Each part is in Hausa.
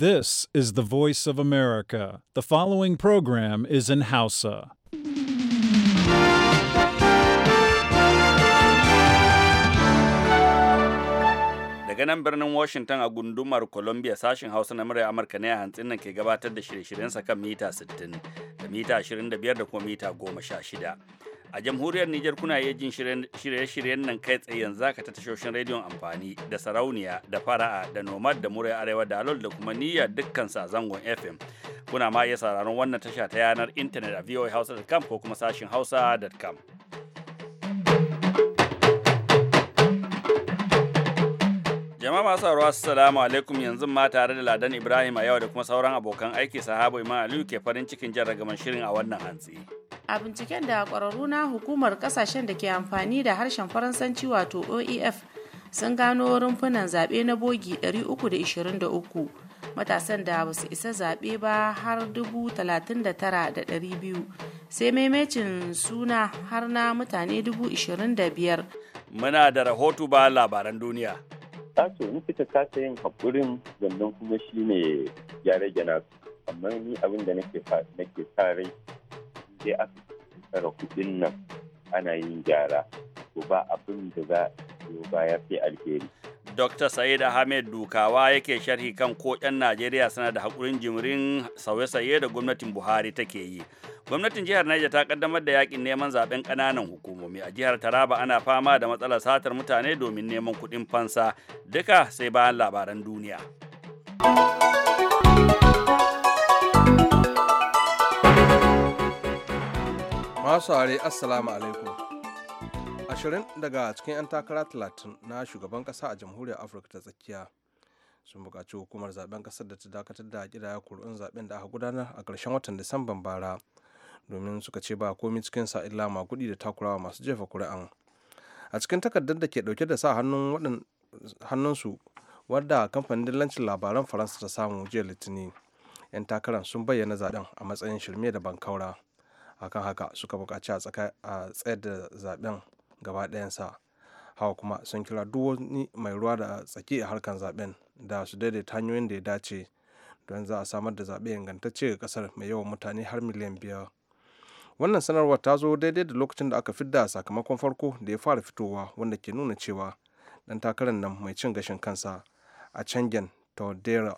This is the voice of America. The following program is in Hausa. Daga nan birnin Washington a gundumar Columbia sashin Hausa na murya Amurka ne a hantsin nan ke gabatar da shirye-shiryensa kan mita 60 da mita 25 da kuma mita 16. a jamhuriyar Nijar kuna iya jin shirye-shiryen nan kai tsaye yanzu zaka ta tashoshin rediyon amfani da sarauniya da fara'a da nomad da murai arewa da alol da kuma niyyar dukkan sa zangon FM kuna ma iya sauraron wannan tasha ta yanar intanet a voahouse.com ko kuma sashin hausa.com jama'a masu sauraro assalamu alaikum yanzu ma tare da ladan ibrahim a yau da kuma sauran abokan aiki sahabo imam aliyu ke farin cikin jan shirin a wannan hantsi. a binciken da kwararru na hukumar ƙasashen da ke amfani da harshen faransanci wato oef sun gano rumfunan zaɓe na bogi 323 matasan da ba su isa zaɓe ba har 39,200 sai maimacin suna har na mutane 25,000 muna da rahoto ba labaran duniya Tato ah, in fita kasa yin haƙurin gandun kuma shine gyare gyana amma ni abin da nake sa rai sai a tsara kudin nan ana yin gyara ko ba abin da za a ya sai alheri. Dr. Sa'id Ahmed Dukawa yake sharhi kan ko 'yan Najeriya suna da haƙurin jimrin sauye-sauye da gwamnatin Buhari take yi. Gwamnatin jihar Niger ta kaddamar da yakin neman zaben ƙananan hukumomi. A jihar Taraba ana fama da matsalar satar mutane domin neman kuɗin fansa. Duka sai bayan labaran duniya. masu are assalamu alaikum ashirin daga cikin 'yan takara 30 na shugaban ƙasa a jamhuriyar afirka ta tsakiya sun buƙaci hukumar zaben kasar da ta dakatar da ƙidaya kuri'un zaben da aka gudanar a ƙarshen watan disamban bara domin suka ce ba komi cikin sa illa kuɗi da takurawa masu jefa kuri'an a cikin takardar da ke ɗauke da sa hannun hannunsu wadda kamfanin dillancin labaran faransa ta samu jiya litinin 'yan takarar sun bayyana zaben a matsayin shirme da bankaura akan haka suka bukaci a tsayar da zaben gaba ɗayansa hawa kuma sun kira duk wani mai ruwa da tsaki a harkar zaben da su daidaita hanyoyin da ya dace don za a samar da zaɓe ingantacce ga ƙasar mai yawan mutane har miliyan biyar wannan sanarwar ta zo daidai da lokacin da aka fidda sakamakon farko da ya fara fitowa wanda ke nuna cewa dan takarar nan mai cin gashin kansa a cangen taudera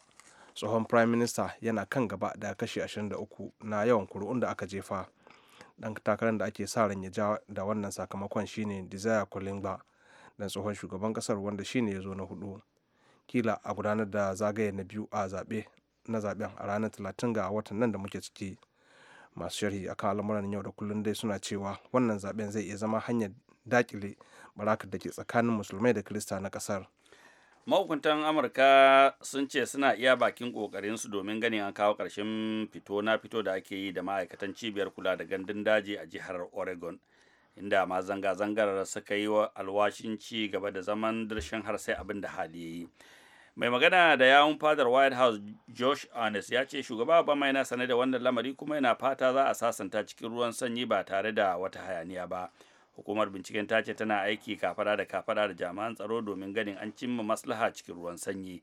tsohon prime minister yana kan gaba da kashi 23 na yawan kuri'un da aka jefa dan takarar da ake sa ran ya ja da wannan sakamakon shine desire kolingba dan tsohon shugaban kasar wanda shine ya zo na hudu kila a gudanar da zagaye na biyu a zaɓe na zaɓen a ranar talatin ga watan nan da muke ciki masu sharhi a kan al'amuran yau da kullum dai suna cewa wannan zaɓen zai iya zama hanyar dakile barakar da ke tsakanin musulmai da kirista na ƙasar. mahukuntan amurka sun ce suna iya bakin kokarinsu domin ganin an kawo ƙarshen fito na fito da ake yi da ma'aikatan cibiyar kula da gandun daji a jihar oregon inda ma zanga-zangar suka yi alwashin ci gaba da zaman dirshin har sai abin da hali ya yi mai magana da yawun fadar white house josh arnes ya ce shugaba obama yana sane da wannan lamari kuma yana fata za a sasanta cikin ruwan sanyi ba tare da wata hayaniya ba hukumar binciken ta ce tana aiki kafada da kafada da jami'an tsaro domin ganin an cimma maslaha cikin ruwan sanyi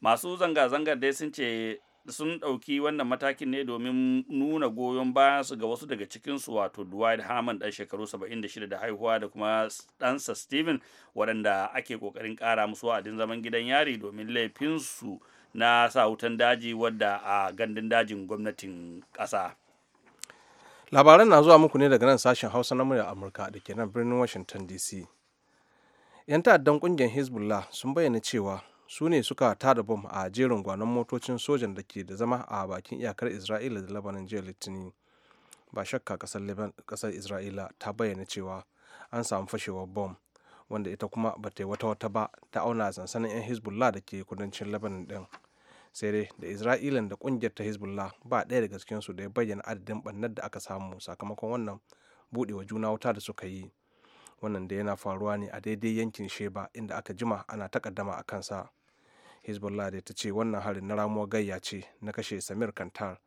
masu zanga-zangar dai sun ce sun ɗauki wannan matakin ne domin nuna goyon bayansu ga wasu daga cikinsu wato Dwight Hammond ɗan shekaru 76 da haihuwa da kuma ɗansa Steven waɗanda ake ƙoƙarin ƙara musu wa'adin zaman gidan yari domin su na sa wutan daji wadda a gandun dajin gwamnatin ƙasa. labaran na zuwa muku ne daga nan sashen hausa na murya amurka da ke nan birnin washington dc yan ta'addan kungiyar hezbollah sun bayyana cewa su ne suka tada bom a jerin gwanon motocin sojan da ke da zama a bakin iyakar isra'ila da labanin jiya litinin ba shakka kasar isra'ila ta bayyana cewa an samu fashewar bom wanda ita kuma ba ta yi wata wata ba ta auna sansanin 'yan hezbollah da ke kudancin labanin din sai dai da isra'ila da kungiyar ta hezbollah ba ɗaya daga cikinsu da ya bayyana adadin ɓannar da aka samu sakamakon wannan buɗewa juna wuta da suka yi wannan da yana faruwa ne a daidai yankin sheba inda aka jima ana takaddama a kansa hezbollah da ta ce wannan harin na ramuwar gayya ce na kashe samir kantar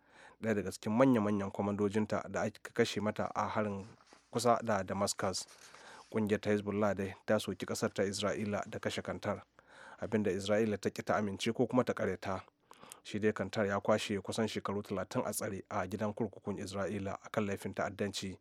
ɗaya daga cikin manya-manyan kwamandojinta da aka kashe mata a harin kusa da damascus kungiyar ta hezbollah dai ta soki kasar ta isra'ila da kashe kantar abinda isra'ila ta ƙi ta amince ko kuma ta ƙareta shi dai kantar ya kwashe kusan shekaru 30 a tsare a gidan kurkukun isra'ila akan laifin ta'addanci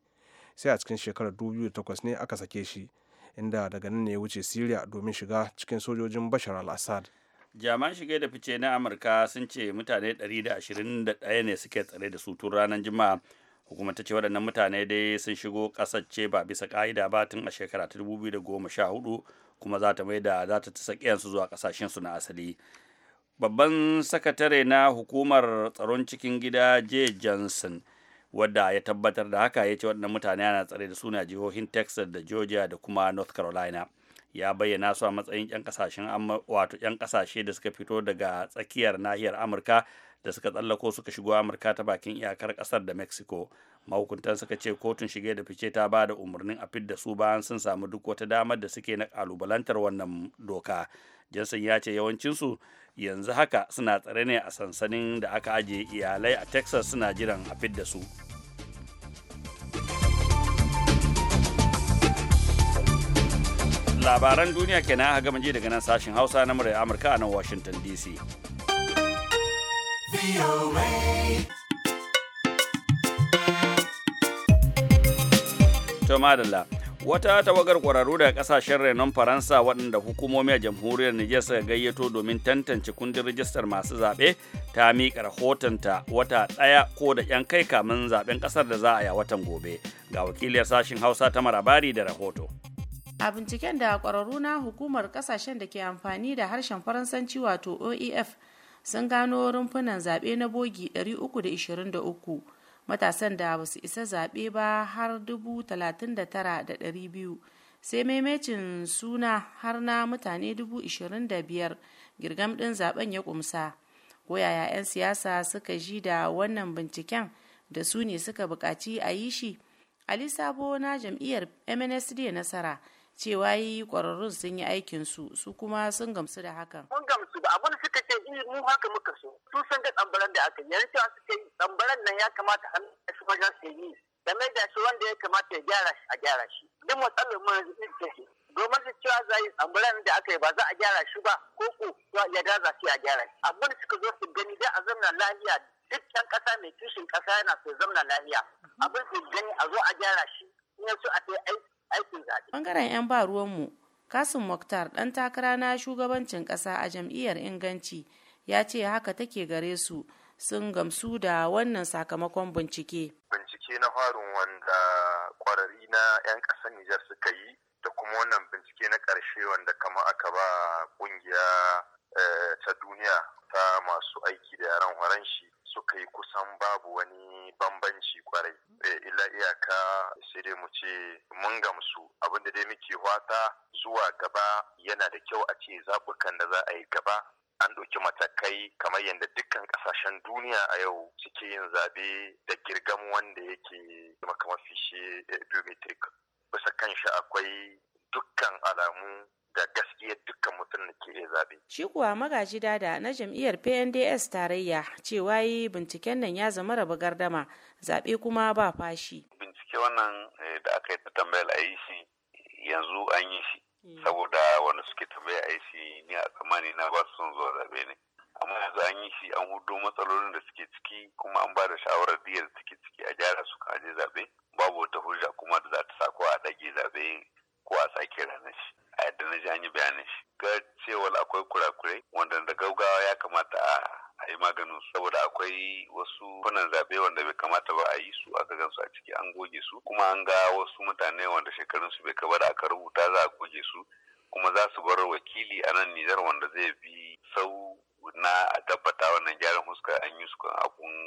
sai a cikin shekarar 2008 ne aka sake shi inda daga nan ne ya wuce syria domin shiga cikin sojojin bashar al-assad jaman shige da fice na amurka sun ce mutane 121 ne suke tsare da su tun ranar juma'a hukumar ta ce waɗannan mutane dai sun shigo ƙasar ce ba bisa ka'ida ba tun a shekara ta 2014 kuma za ta mai da za ta ta zuwa su na asali babban sakatare na hukumar tsaron cikin gida j johnson wadda ya tabbatar da haka ya ce waɗannan mutane ana tsare da suna jihohin texas da georgia da kuma north carolina ya bayyana su a matsayin 'yan kasashen wato 'yan kasashe da suka fito daga tsakiyar nahiyar amurka da suka tsallako suka shigo amurka ta bakin iyakar kasar da mexico mahukuntan suka ce kotun shige da fice ta ba da umarnin a fidda su bayan sun samu duk wata damar da suke na ƙalubalantar wannan doka jinsin ya ce yawancinsu yanzu haka suna tsare ne a sansanin da aka ajiye iyalai a texas suna jiran a da su labaran duniya kenan aka gama ji daga nan sashen hausa na murya amurka a nan washington dc to wata tawagar kwararru daga kasashen renon faransa waɗanda hukumomi a jamhuriyar niger suka gayyato domin tantance kundin rijistar masu zaɓe ta miƙa rahotonta wata ɗaya ko da yan kai kamin zaɓen ƙasar da za a yi watan gobe ga wakiliyar sashen hausa ta marabari da rahoto a binciken da kwararru na hukumar kasashen da ke amfani da harshen faransanci wato oef sun gano rumfunan zaɓe na bogi ɗari uku. matasan da ba su isa zaɓe ba har da tara ɗari biyu sai maimacin suna har na mutane 25,000 girgam ɗin zaben ya kumsa ko yaya 'yan siyasa suka ji da wannan binciken da su ne suka buƙaci a yi shi ali sabo na jam'iyyar mnsd nasara cewa yi kwararrun sun yi aikin su su kuma sun gamsu da hakan. Mun gamsu da abin suka ce yi eh, mu haka muka so su san da tsambaran da aka yi cewa suka yi tsambaran nan ya kamata a su wajen su yi da mai da shi wanda ya kamata ya gyara shi a gyara shi duk matsalar mun yi ɗin ce su cewa za yi tsambaran da aka yi ba za a gyara shi ba ko ko ya gaza shi a gyara shi abin suka zo su gani da a zamna lahiya duk ɗan kasa mai kishin kasa yana so zamna lafiya abin su gani a zo a gyara shi in so a kai aiki aikin zaɓe. Bangaren 'yan ba ruwanmu, Kasim Mokhtar ɗan takara na shugabancin ƙasa a jam'iyyar inganci ya ce haka take gare su sun gamsu da wannan sakamakon bincike. Bincike na farin wanda ƙwararri na 'yan ƙasar Nijar suka yi da kuma wannan bincike na ƙarshe wanda kama aka ba ƙungiya eh, ta duniya ta masu aiki da yaran yaren shi suka yi kusan babu wani bambanci kwarai eh, Ila iyaka sai dai mu ce mun gamsu abinda dai muke wata zuwa gaba yana da kyau a ce zaɓukan da za a yi gaba an ɗauki matakai kamar yadda dukkan ƙasashen duniya a yau suke yin zaɓe da girgam wanda yake makamafishe eh, biometric bisa kan shi akwai dukkan alamu da gaskiyar dukkan ke zabe. Shi kuwa magaji dada na jam'iyyar PNDS tarayya cewa yi binciken nan ya zama raba gardama zaɓe kuma ba fashi. Bincike wannan eh, da aka yi ta tambayar a shi yanzu an yi shi. Eh. Saboda wanda suke tambaya a yi shi ni a tsammani na ba su zuwa zaɓe ne. Amma yanzu an yi shi an hudu matsalolin da suke ciki kuma an ba da shawarar diyar da suke ciki a gyara su kan aje zaɓe. Babu wata hujja kuma da za ta sa ko a ɗage zaɓe ko a sake ranar shi. A yadda na ji an yi bayanin shi. ga cewa akwai kurakurai wanda da gaugawa ya kamata a yi maganin saboda akwai wasu kunan zabe wanda bai kamata ba a yi su aka su a ciki an goge su kuma an ga wasu mutane wanda shekarun su bai kaba da aka rubuta za a goge su kuma za su bar wakili a nan Nijar wanda zai bi sau na a tabbata wannan gyaran fuska an yi su kan abun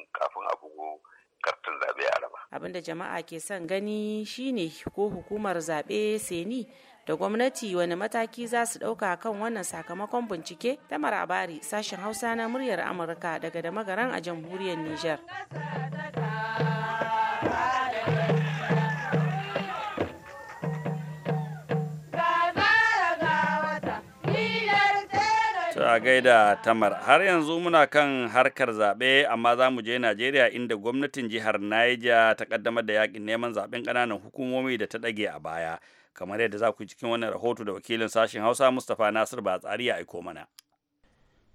da jama'a ke son gani shine ko hukumar zaɓe seni da gwamnati wani mataki za su ɗauka kan wannan sakamakon bincike ta marabari sashen hausa na muryar amurka daga da magaran a jamhuriyar niger a gaida tamar har yanzu muna kan harkar zaɓe amma za mu je najeriya inda gwamnatin jihar niger ta kaddamar da yakin neman zaɓen ƙananan hukumomi da ta ɗage a baya kamar yadda za ku cikin wannan rahoto da wakilin sashen hausa mustapha nasir ba tsari ya aiko mana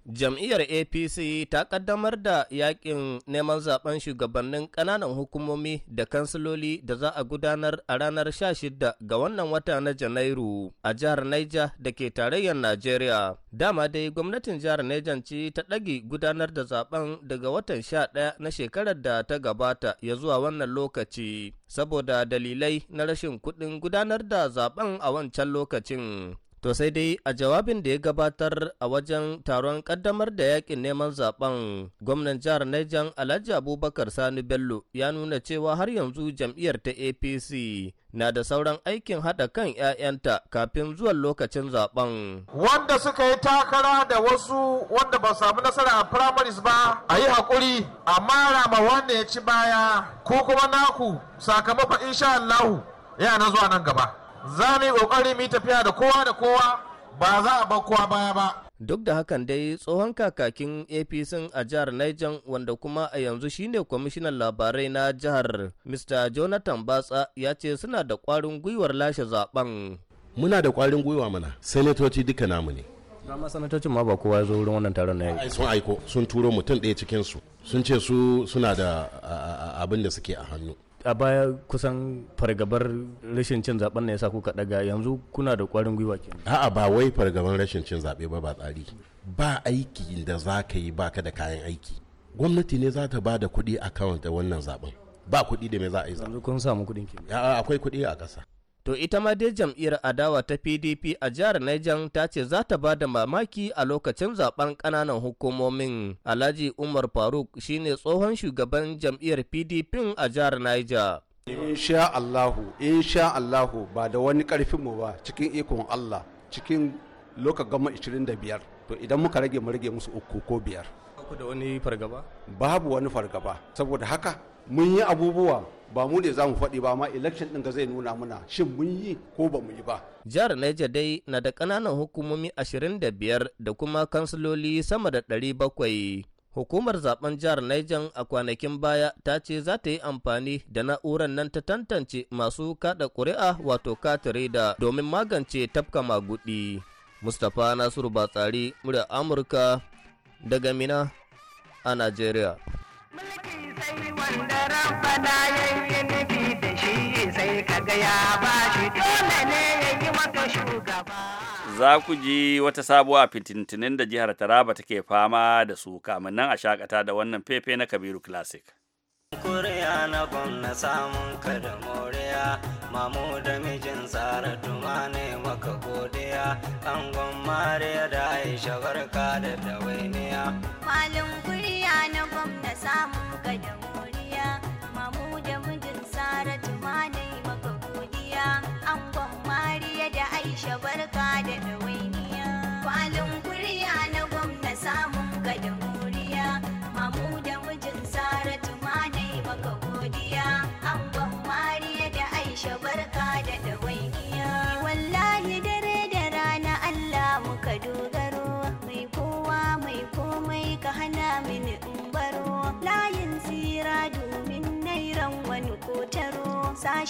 Jam'iyyar APC ta kaddamar da yakin neman zaben shugabannin ƙananan hukumomi da kansiloli da za a gudanar a ranar 16 ga wannan wata na Janairu a jihar Niger da ke tarayyar Najeriya. Dama dai gwamnatin jihar Niger ce ta ɗage gudanar da zaben daga watan 11 na shekarar da ta gabata ya zuwa wannan lokaci saboda dalilai na rashin kuɗin gudanar da zaben a wancan lokacin. To sai dai a jawabin da ya gabatar a wajen taron kaddamar da yakin neman zaben gwamnan jihar Niger Alhaji Abubakar Sani Bello ya nuna cewa har yanzu jam'iyyar ta APC na da sauran aikin haɗa kan 'ya'yanta kafin zuwan lokacin zaben. Wanda suka yi takara da wasu wanda ba samu nasara a primaries ba a yi haƙuri amma rama wanda ya ci baya ko kuma naku sakamakon insha Allahu yana zuwa nan gaba. za mu yi kokari mu yi tafiya da kowa da kowa ba za a bar kowa baya ba. Duk da hakan dai tsohon kakakin APC a jihar Niger wanda kuma a yanzu shine kwamishinan labarai na jihar Mr. Jonathan Batsa ya ce suna da ƙwarin gwiwar lashe zaben. Muna da ƙwarin gwiwa mana, sanatoci duka namu ne. Amma sanatocin ma ba kowa ya zo wurin wannan taron na yau. Sun aiko, sun turo mutum ɗaya cikinsu, sun ce su suna da abin da suke a hannu. a baya kusan fargabar rashin cin zaben ne sa kuka daga yanzu kuna da kwarin gwiwa ke a'a ba wai fargabar rashin cin zaɓe ba ba tsari ba aiki da za ka yi ba ka da kayan aiki gwamnati ne za ta ba da kuɗi account kawanta wannan zaben ba kuɗi da me za a yi zaɓe kun samu kuɗin ki a'a akwai kuɗi a ƙasa To ita ma dai jam'iyyar adawa ta PDP a jihar Niger ta ce za ta ba da mamaki a lokacin zaben ƙananan hukumomin. Alhaji Umar Faruk shine tsohon shugaban jam'iyyar PDP a jihar Niger. Insha Allahu, insha Allahu ba da wani mu ba cikin ikon Allah cikin loka gama 25 to idan muka rage mu rage musu uku ko biyar. da wani fargaba? Babu wani fargaba saboda haka mun yi abubuwa ba mu ne za mu faɗi ba ma election ɗin ga zai nuna muna shin mun yi ko ba mu yi ba. Jihar Niger dai na da ƙananan hukumomi ashirin da biyar da kuma kansiloli sama da ɗari bakwai Hukumar zaben jihar Niger a kwanakin baya ta ce za ta yi amfani da na'urar nan ta tantance masu kaɗa ƙuri'a wato katireda domin magance tafka maguɗi. Mustapha Nasiru Batsari, murya Amurka daga Mina a Najeriya. Mulkin wanda na yayi nufi da shi sai gaya ba bashi dole ne yayi maka shugaba za ku ji wata sabuwa fitintinin da jihar Taraba take fama da su kamin nan a shakata da wannan fefe na Kabiru Classic. Kuriya na gwamna samun ka da moriya, mamu da mijin tsara tuma ne maka godiya, an mariya da aisha barka da dawainiya. Malin kuriya na gwamna samun ka da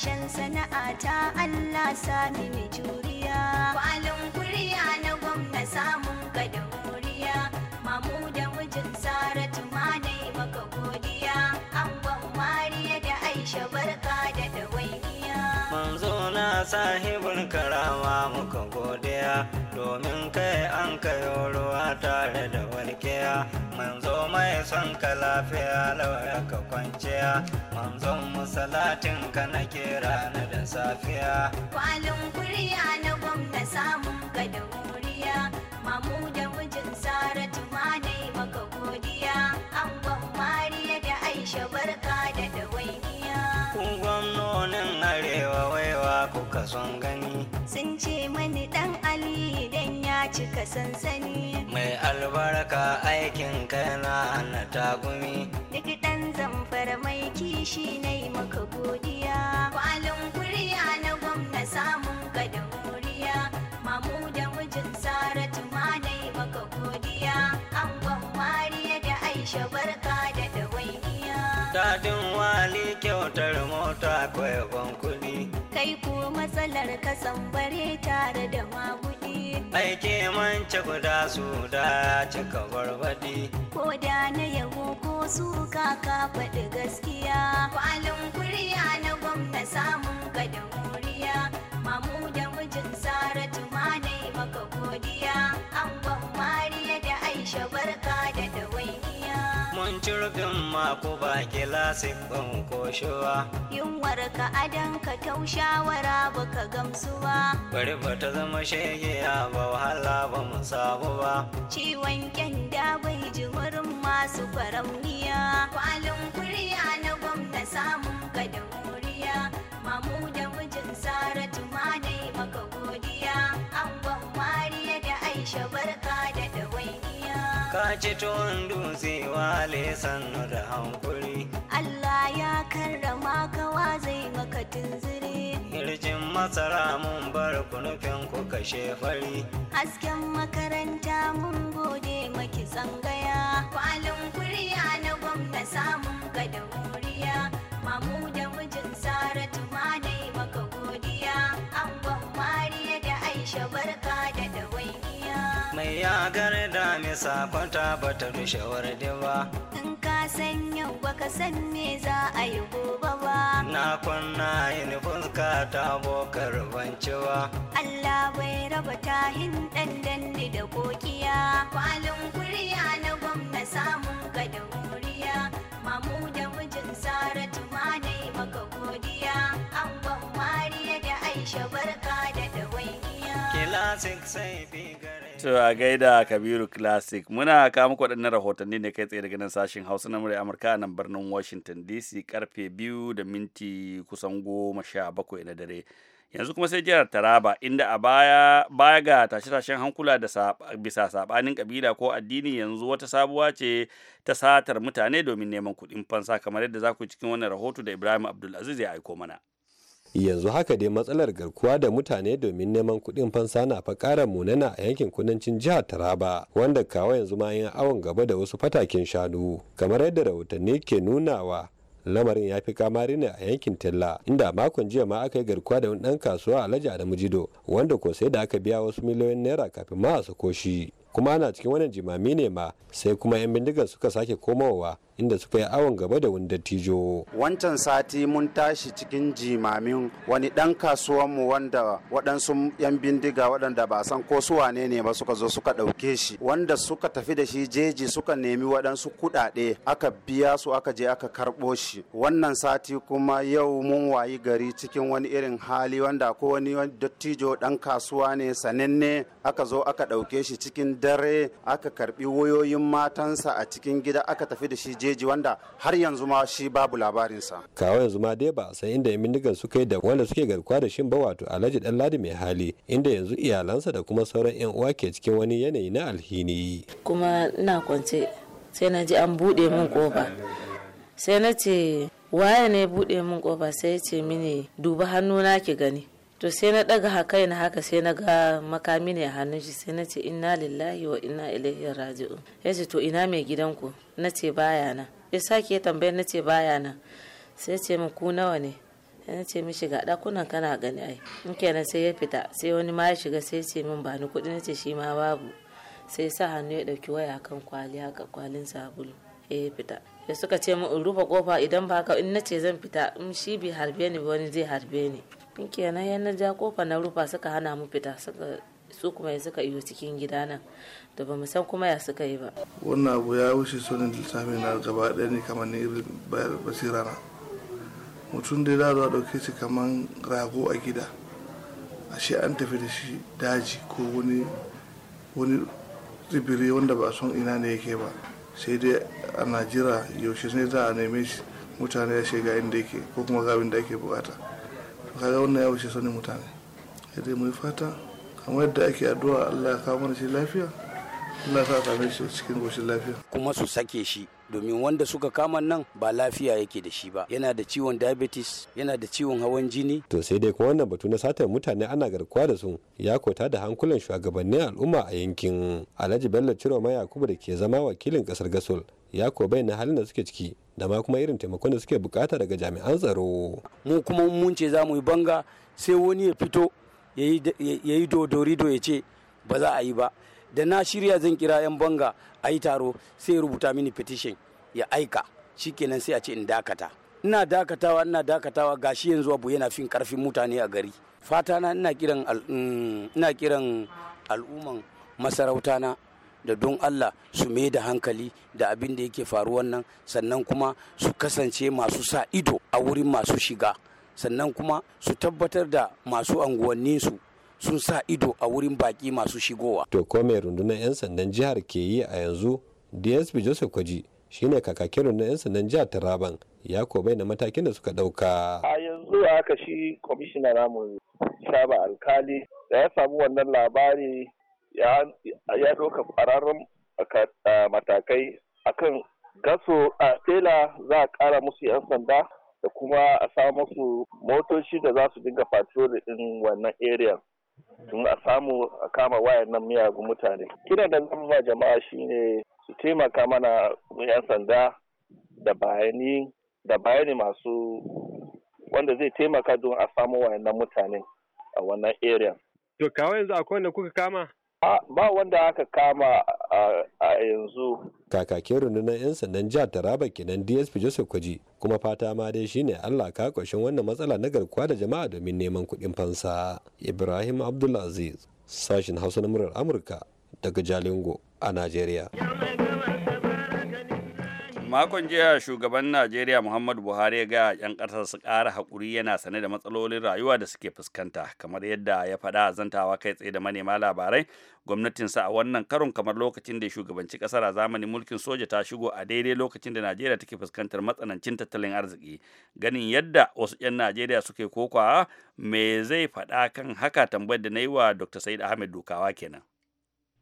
sana'a ta Allah sami mai juriya kwalin kuriya na gwamna samun gada muriya mamu da mijin saratu ma dai maka godiya angon mariya da aisha barka da dawainiya manzo na sahibin karama muka godiya domin kai an kayo ruwa tare da walkiya manzo mai son ka lafiya lawa ka kwanciya manzon talatin ka nake rana da safiya kwalin kuriya na gwamna samun ka da wuriya mamu da mijin saratu ma maka godiya an mariya da aisha barka da dawainiya kun gwamnonin arewa waiwa kuka son gani sun ce mani dan ali idan ya cika sansani mai albarka aikin kai na tagumi duk baki shi na maka godiya kwalin kuriya na gwamna samun gada muriya mamu da mijin saratu ma na maka godiya angon mariya da aisha barka da dawainiya dadin wali kyautar mota kwaya kuɗi kai ko matsalar ka bare tare da magudi aike mance guda su da cika barbaɗi ko da na yau ko suka ka faɗi gaskiya. Kwalin kuriya na gwamna samun gadin. gurbin mako ba gilasin ban koshewa. Yunwar ka adan ka taushawara ba ka gamsuwa. Bari ba ta zama ya ba wahala ba mu samu ba. Ciwon kyanda bai ji wurin masu faramiya. Kwalin kurya na gwamna samun kadin ka ci tuwon dutse wale sannu da hankuri Allah ya karrama kawa zai maka tunzire Hirjin masara mun bar kunufin ku kashe fari Hasken makaranta yasa kwanta ba ta rushe warde ba in ka san yau ba ka san me za a yi gobe ba na kunna yin fuska ta bokar ba Allah bai raba tahin dandan da kokiya kwalin kuriya na gwamna samun gadon To a gaida Kabiru Classic muna kawo muku waɗannan rahotanni ne kai tsaye daga nan sashen Hausa na murya Amurka a nan birnin Washington DC karfe biyu da minti kusan goma sha bakwai na dare. Yanzu kuma sai jihar Taraba inda a baya baya ga tashe-tashen hankula da bisa saɓanin kabila ko addini yanzu wata sabuwa ce ta satar mutane domin neman kuɗin fansa kamar yadda za ku cikin wannan rahoto da Ibrahim Abdulaziz ya aiko mana. yanzu haka dai matsalar garkuwa da mutane domin neman kuɗin fansa na fa ƙara munana a yankin kudancin jihar taraba wanda kawo yanzu ma yin awon gaba da wasu fatakin shanu kamar yadda rahotanni ke nunawa lamarin ya fi kamari ne a yankin tella inda makon jiya ma aka yi garkuwa da ɗan kasuwa a alhaji adamu jido wanda ko sai da aka biya wasu miliyoyin naira kafin ma a sako shi kuma ana cikin wannan jimami ne ma sai kuma 'yan bindigar suka sake komowa inda suka yi awon gaba da wani dattijo. Wancan sati mun tashi cikin jimamin wani dan kasuwanmu wanda waɗansu 'yan bindiga waɗanda ba san ko su wane ne ba suka zo suka ɗauke shi wanda suka tafi da shi jeji suka nemi waɗansu kuɗaɗe aka biya su aka je aka karɓo shi. Wannan sati kuma yau mun wayi gari cikin wani irin hali wanda ko wani dattijo ɗan kasuwa ne sananne aka zo aka ɗauke shi cikin dare aka karɓi wayoyin matansa a cikin gida aka tafi da shi jeji wanda har yanzu ma shi babu labarinsa kawo yanzu ma dai ba sai inda yamindigan suka yi da wanda suke garkuwa da shin ba wato alhaji dan ladi mai hali inda yanzu iyalansa da kuma sauran yan uwa ke cikin wani yanayi na alhini kuma ina kwance sai na ji an buɗe min ƙofa sai na ce waye ne buɗe min ƙofa sai ya ce mini duba hannu na ki gani to sai na daga haka na haka sai na ga makami ne a hannun shi sai na ce inna lillahi wa inna ilaihi raji'un ya ce to ina mai gidanku na ce baya na ya sake tambaya na ce baya na sai ce min ku nawa ne ya ce min shiga dakunan kana gani ai in kenan sai ya fita sai wani ma ya shiga sai ce min ba ni kuɗi na ce shi ma babu sai sa hannu ya ɗauki waya kan kwali haka kwalin sabulu ya eh, fita da suka ce mu in rufe kofa idan ba ka in na ce zan fita in shi bi harbe ni wani zai harbe ni in kenan yana ja kofa na rufa suka hana mu fita suka su kuma ya suka iyo cikin gida nan da ba san kuma ya suka yi ba wannan abu ya wuce sonin lissafi na gaba ɗaya ne kamar ni bayar basira na mutum da ya zuwa ɗauke shi kamar rago a gida ashe an tafi da shi daji ko wani wani tsibiri wanda ba son ina ne yake ba sai dai a najira yaushe ne za a neme mutane ya shiga inda yake ko kuma gabin da ake bukata to kaga wannan ya wuce sani mutane sai dai mu fata kamar yadda ake addu'a Allah ya kawo mana shi lafiya Allah ya sa same shi cikin goshin lafiya kuma su sake shi domin wanda suka kama nan ba lafiya yake da shi ba yana da ciwon diabetes yana da ciwon hawan jini to sai dai kuma wannan batu na satar mutane ana garkuwa da su ya kota da hankulan shugabannin al'umma a yankin alhaji bello ciro mai yakubu da ke zama wakilin kasar gasol ya ko bayyana halin da suke ciki da ma kuma irin taimakon da suke bukata daga jami'an tsaro mu kuma mun ce za mu yi banga sai wani ya fito ya yi dodorido ya ce ba za a yi ba da na shirya zan kira 'yan banga a yi taro sai rubuta mini petition ya aika shi shikenan sai a ce in dakata ina dakatawa ina dakatawa gashi yanzu abu yana fin karfin mutane a gari fatana na ina kiran mm, ina kiran al'umman masarauta na da don Allah su mai da hankali da abin da yake faruwan nan sannan kuma su kasance masu sa ido a wurin masu shiga sannan kuma su tabbatar da masu anguwanninsu sun sa ido a wurin baki masu shigowa. To ko mai rundunar 'yan sandan jihar ke yi a yanzu DSP Joseph Kwaji shine kakakin rundunar 'yan sandan jihar Taraban ya ko na matakin da suka ɗauka. A yanzu aka shi kwamishina namu Shaba Alkali da ya samu wannan labari ya doka ƙwararren matakai akan gaso a tela za a kara musu 'yan sanda da kuma a samu musu motoci da za su dinga patrol din wannan area don a samu a kama wayannan miyagun mutane kiran da zan jama'a shine su taimaka mana yan sanda da bayani da bayani masu wanda zai taimaka don a samu wayannan mutane a wannan area to kawai yanzu akwai wanda kuka kama ba wanda aka kama a yanzu kakakin rundunar 'yan sandan jihar taraba kenan dsp joseph kwaji kuma fata ma dai shine allah ka kwashin wannan matsala na garkuwa da jama'a domin neman kuɗin fansa ibrahim abdulaziz sashen hausa na murar amurka daga jalingo a najeriya makon jiya shugaban najeriya muhammadu buhari ya gaya yan ƙasar su ƙara haƙuri yana sane da matsalolin rayuwa da suke fuskanta kamar yadda ya faɗa a zantawa kai tsaye da manema labarai gwamnatin gwamnatinsa a wannan karon kamar lokacin da shugabanci ƙasar a zamanin mulkin soja ta shigo a daidai lokacin da najeriya take fuskantar matsanancin tattalin arziki ganin yadda wasu 'yan najeriya suke kokawa me zai faɗa kan haka tambayar da na yi wa dr said ahmed Dukawa kenan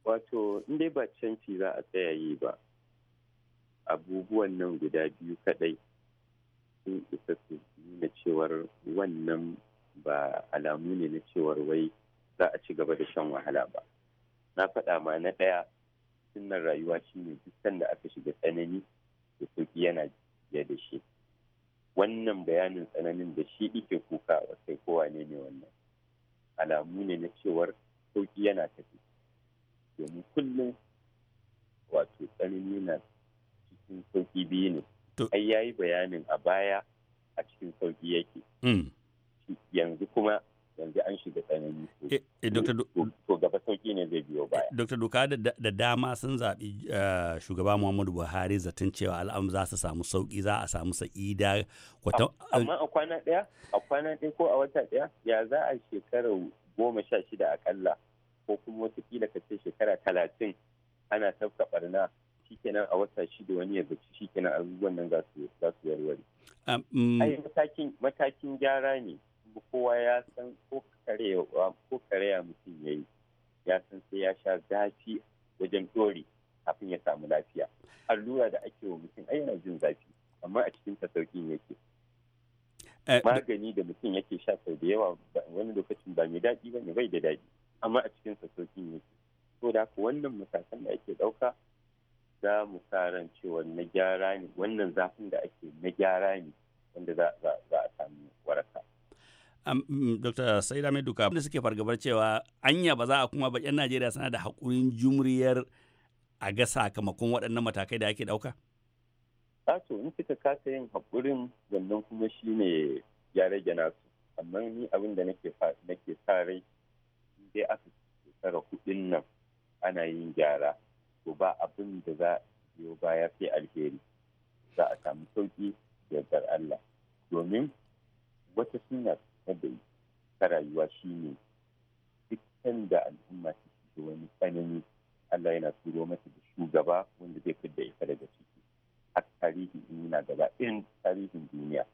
wato in ba canci za a tsaya yi ba abubuwan nan guda biyu kadai sun isa su nuna cewar wannan ba alamu ne na cewar wai za a ci gaba da shan wahala ba na faɗa ma na ɗaya sunan rayuwa shine duk da aka shiga tsanani da sauki yana jiya da shi wannan bayanin tsananin da shi ike kuka a sai kowa ne ne wannan alamu ne na cewar sauki yana tafi domin kullum wato tsanani na cikin sauki biyu ne ai ya yi bayanin a baya a cikin sauki yake hmm. yanzu kuma yanzu an shiga tsanani eh, eh, to gaba sauki ne zai biyo baya eh, dr doka da dama sun zaɓi shugaba muhammadu buhari zaton cewa al'am za su samu sauki za a samu sa'ida amma a kwana ɗaya a kwana ɗaya ko a wata ɗaya ya za a shekarar goma sha shida akalla ko kuma wasu ka ce shekara talatin ana tafka barna shikenan a wata shida wani ya zaci shikenan abubuwan nan za su warware. Mm. Ai matakin gyara ne kowa ya san ko kareya mutum ya yi ya san sai ya sha zafi wajen dore kafin ya samu lafiya. Allura da ake wa mutum ai yana jin zafi amma a cikin ta yake. Eh, Magani da mutum yake sha sau da yawa wani lokacin ba mai daɗi ba ne bai da daɗi amma a cikin sa yake. To da wannan matakan da ake ɗauka za mu sa ran cewa na gyara ne wannan zafin da ake na gyara ne wanda za a samu waraka. Mm, Dr. Saida Duka, da suke fargabar cewa anya ba za a kuma baƙin Najeriya sana da haƙurin jumriyar a ga sakamakon waɗannan matakai da ake ɗauka? Ato, in suka kasa yin haƙurin wannan kuma shi ne ya rage nasu. Amma ni abin da nake sa rai, dai aka shekara kuɗin nan ana yin gyara. to ba abin da za a ba baya sai alheri za a samu sauki yardar Allah domin wata suna ta da ta rayuwa shine dukkan da al'umma ci da wani tsanani Allah yana turo mata da shugaba wanda zai fi da ita daga ciki a tarihin duniya gaba irin tarihin duniya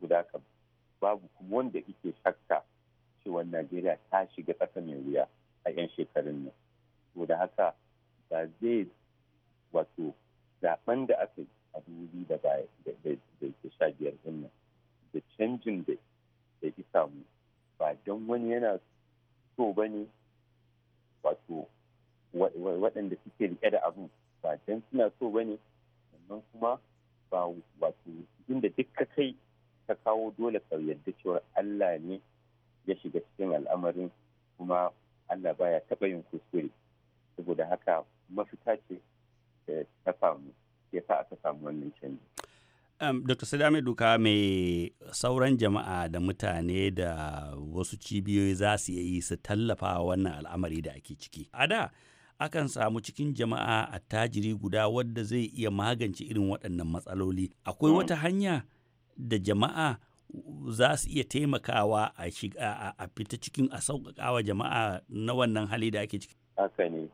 guda ka babu kuma wanda ike shakka cewa Najeriya ta shiga tsaka mai wuya a 'yan shekarun nan. Saboda haka da zai wato zaben da aka yi a dubi da baya da sha biyar nan da canjin da ya samu ba don wani yana so ba ne wato waɗanda suke riƙe da abu ba don suna so ba ne sannan kuma ba wato inda duk ka kai ka kawo dole ka yarda cewa Allah ne ya shiga cikin al'amarin kuma Allah baya taɓa yin kuskure saboda haka mafita ce ta samu ya sa aka samu wannan canji. Dr. Sadame Duka mai sauran jama'a da mutane da wasu cibiyoyi za su yi su tallafa wannan al'amari da ake ciki. A da, akan samu cikin jama'a a tajiri guda wadda zai iya magance irin waɗannan matsaloli. Akwai wata hanya da jama'a za su iya taimakawa a fita cikin a sauƙaƙawa jama'a na wannan hali da ake ciki. Haka ne.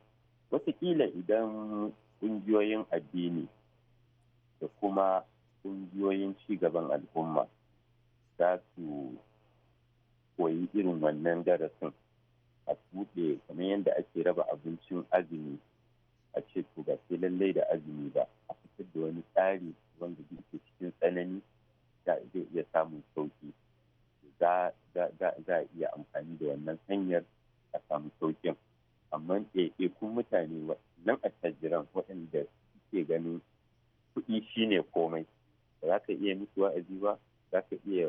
watakila idan ƙungiyoyin addini da kuma ƙungiyoyin cigaban al'umma za su koyi irin wannan darasin a buɗe kamar yadda ake raba abincin azumi a ce to ba sai lallai da azumi ba a fitar da wani tsari wanda ke cikin tsanani a iya samun sauki za a iya amfani da wannan hanyar a samu saukin. amma kun mutane nan a attajiran waɗanda suke ganin kuɗi shine komai ba za ka iya musu wa'azi ba za ka iya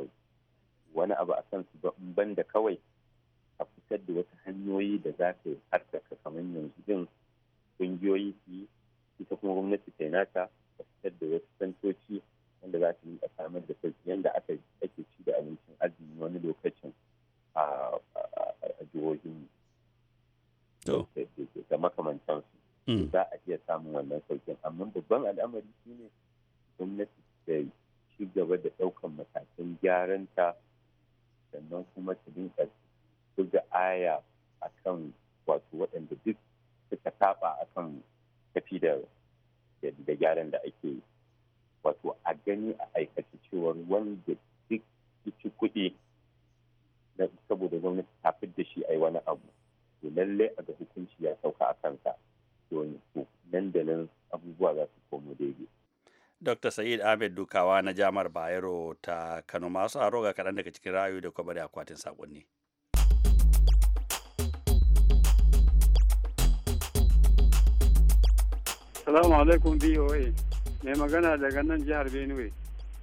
wani abu a su ba in banda kawai a fitar da wasu hanyoyi da za ka yi harkaka kamar yanzu din ƙungiyoyi su yi ita kuma gwamnati ta nata a fitar da wasu santoci Mm. za a iya samun wannan saukin amma babban al'amari shine gwamnati ta ci gaba da ɗaukan matakan gyaranta sannan kuma ta dinka da aya Sa'id Ahmed Dukawa na Jamar Bayero ta Kano masu a roga kaɗan daga cikin rayu da a akwatin sakonni. Salamu alaikum BOA mai magana daga nan jihar Benue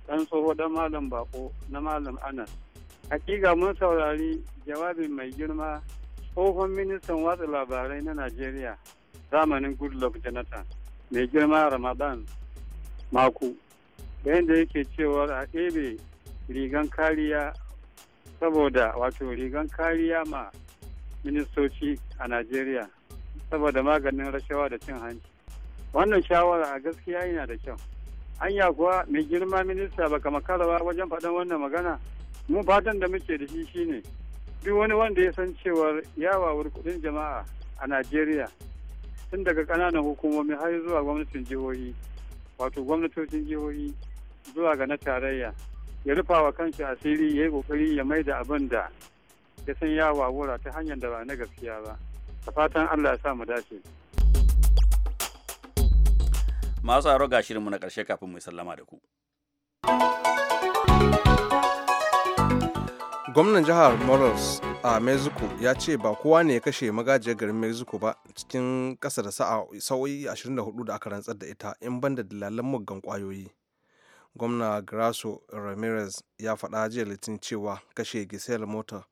ɗan tsoho ɗan malam bako na malam Anas. Hakika mun saurari jawabin mai girma tsohon ministan watsa labarai na Najeriya zamanin Goodluck Jonathan mai girma Ramadan mako da yake cewa a ɗebe rigan kariya saboda wato rigan kariya ma ministoci a najeriya saboda maganin rashawa da cin hanci wannan shawara a gaskiya yana da kyau anya kuwa mai girma minista baka makarawa wajen faɗan wannan magana mu fatan da muke da shi shine duk wani wanda ya san cewar yawawar kudin jama'a a najeriya tun daga ƙananan hukumomi har zuwa gwamnatin jihohi wato gwamnatocin jihohi zuwa ga na tarayya ya rufa wa kansa asiri ya yi kokari ya mai da abin da ya san ya wawura ta hanyar da ba na gaskiya ba da fatan allah ya sa mu dace masu aro ga shirinmu na ƙarshe kafin mu sallama da ku gwamnan jihar morals a mexico ya ce ba kowa ne ya kashe magajiyar garin mexico ba cikin kasa da sa'a sa'o'i 24 da aka rantsar da ita in banda dalilan muggan kwayoyi gwamna grasso ramirez ya faɗa jiya litinin cewa kashe giselle mota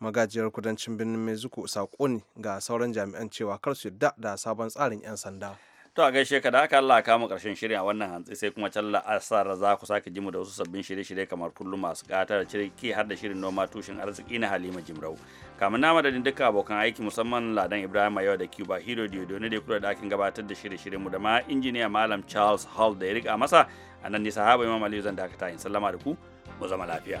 magajiyar kudancin birnin mexico saƙo ne ga sauran jami'an cewa kar su yadda da sabon tsarin 'yan sanda to a gaishe ka da haka Allah ka mu karshen shirin a wannan hantsi sai kuma can asar za ku sake jimu da wasu sabbin shirye-shirye kamar kullum masu gata da ciki har da shirin noma tushen arziki na Halima Jimrau kamun na madadin duka abokan aiki musamman Ladan Ibrahim Ayo da Cuba Hero Diodo ne da kula da aikin gabatar da shirye-shiryen mu da ma injiniya Malam Charles Hall da ya rika masa a nan ne sahaba Imam Aliyu zan dakata in sallama da ku mu zama lafiya.